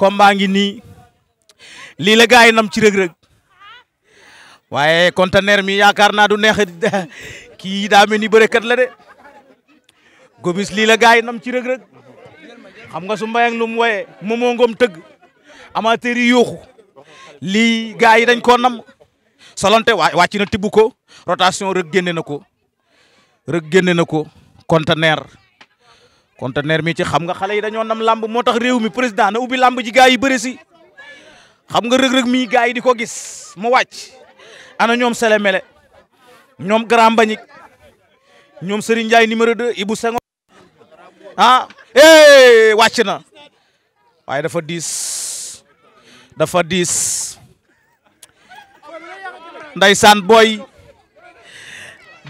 combat ngi nii lii la gars yi nam ci rëg-rëg waaye conteneur mi yaakaar naa du neex kii daa mel ni bërekat la de Gomis lii la gars yi nam ci rëg-rëg xam nga su mbayang lu mu wooyee moomoo ngoom tëgg amateur yi yuuxu lii gars yi dañ koo nam solonte waa wàcc na tibb ko rotation rëg génne na ko rëg génne na ko conteneur conteneur mi ci xam nga xale yi dañoo nam lamb moo tax réew mi président na ubbi lamb ji gaa yi bëri si xam nga rëg-rëg mii gaa yi di ko gis mu wàcc ana ñoom sele mele ñoom grand bañik ñoom Serigne Ndiaye numéro 2 Ibou Senghor ah eh wàcc na waaye dafa diis dafa diis ndaysaan booy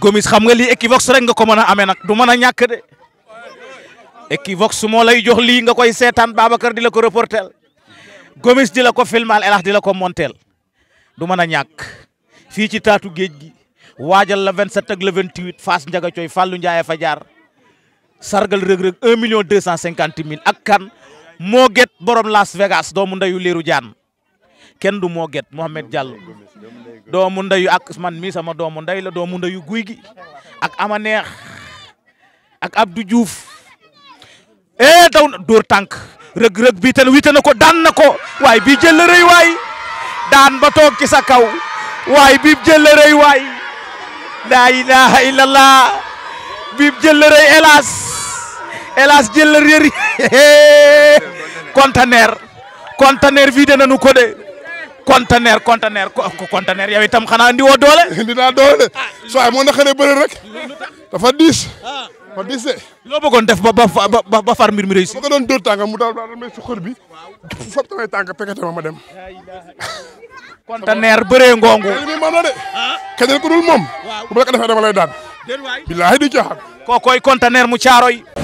gomis xam nga li Equivox rek nga ko mën a nag du mën a de Equivox moo lay jox lii nga koy seetaan Babacar di la ko reportel Gomis di la ko filmal El Hadj di la ko montel du mën a ñàkk fii ci taatu géej gi waajal la 27 ak le 28 Fass Ndiaga Coy fallu Ndiaye fa jaar sargal rëg-rëg 1 million 250 mille ak kan moo get borom Las Vegas doomu ndeyu Lirou Diane kenn du moo get Mohamed Diallo doomu ndeyu ak man mi sama doomu ndey la doomu ndeyu guy gi ak ama ak Abdou Diouf daw na dóor tànk rëg-rëg bii tan ko daan na ko waay bii jël la daan ba toog ci sa kaw waay bii jël la rëy waay laa ilaha illallah bii jël la rëy hélas hélas jël la rëy conteneur ko de conteneur conteneur conteneur yow itam xanaa andi woo doole. indi naa doole de ah. waaye moo naqaree bëri rek dafa diis. Ah. dafa diis de. loo bëggoon def ba ba ba far mbir mi réussir. ma ko doon dóor tànk mu daal daal may si bi fop tamay tànk de. Ah. keneen ku dul moom. bu ma la ko defee dama lay daan. bilaay di caaxaan. kookoy conteneur mu caaro